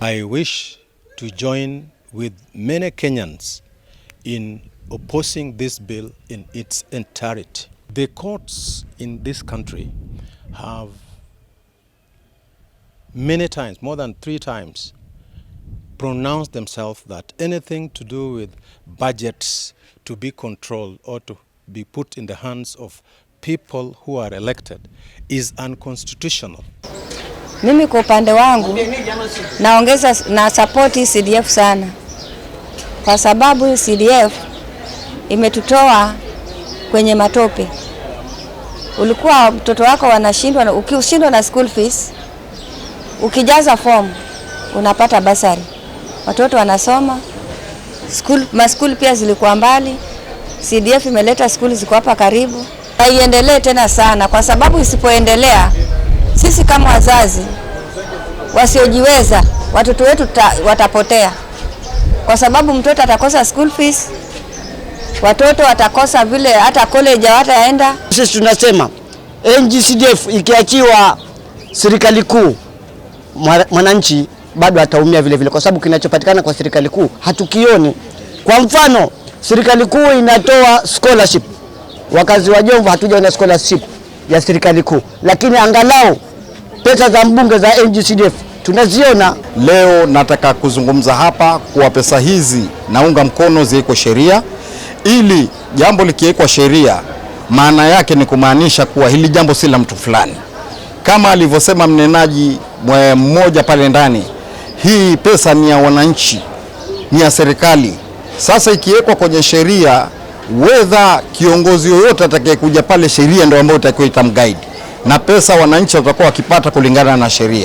I wish to join with many Kenyans in opposing this bill in its entirety. The courts in this country have many times, more than three times, pronounced themselves that anything to do with budgets to be controlled or to be put in the hands of people who are elected is unconstitutional. Mimi kwa upande wangu naongeza na support hii CDF sana, kwa sababu hii CDF imetutoa kwenye matope. Ulikuwa mtoto wako wanashindwa, ukishindwa na school fees, ukijaza form unapata basari, watoto wanasoma school. Maskuli pia zilikuwa mbali, CDF imeleta school ziko hapa karibu, Haiendelee tena sana, kwa sababu isipoendelea sisi kama wazazi wasiojiweza, watoto wetu watapotea, kwa sababu mtoto atakosa school fees, watoto watakosa vile hata college hawataenda. Sisi tunasema NGCDF ikiachiwa serikali kuu, mwananchi bado ataumia vile vile, kwa sababu kinachopatikana kwa serikali kuu hatukioni. Kwa mfano, serikali kuu inatoa scholarship, wakazi wa Jomvu hatujaona scholarship ya serikali kuu, lakini angalau pesa za mbunge za NGCDF tunaziona. Leo nataka kuzungumza hapa kuwa pesa hizi naunga mkono ziwekwe sheria, ili jambo likiwekwa sheria, maana yake ni kumaanisha kuwa hili jambo si la mtu fulani, kama alivyosema mnenaji mmoja pale ndani, hii pesa ni ya wananchi, ni ya serikali. Sasa ikiwekwa kwenye sheria, wedha kiongozi yoyote atakayekuja pale, sheria ndio ambayo itakiwa itamguide na pesa wananchi watakuwa wakipata kulingana na sheria.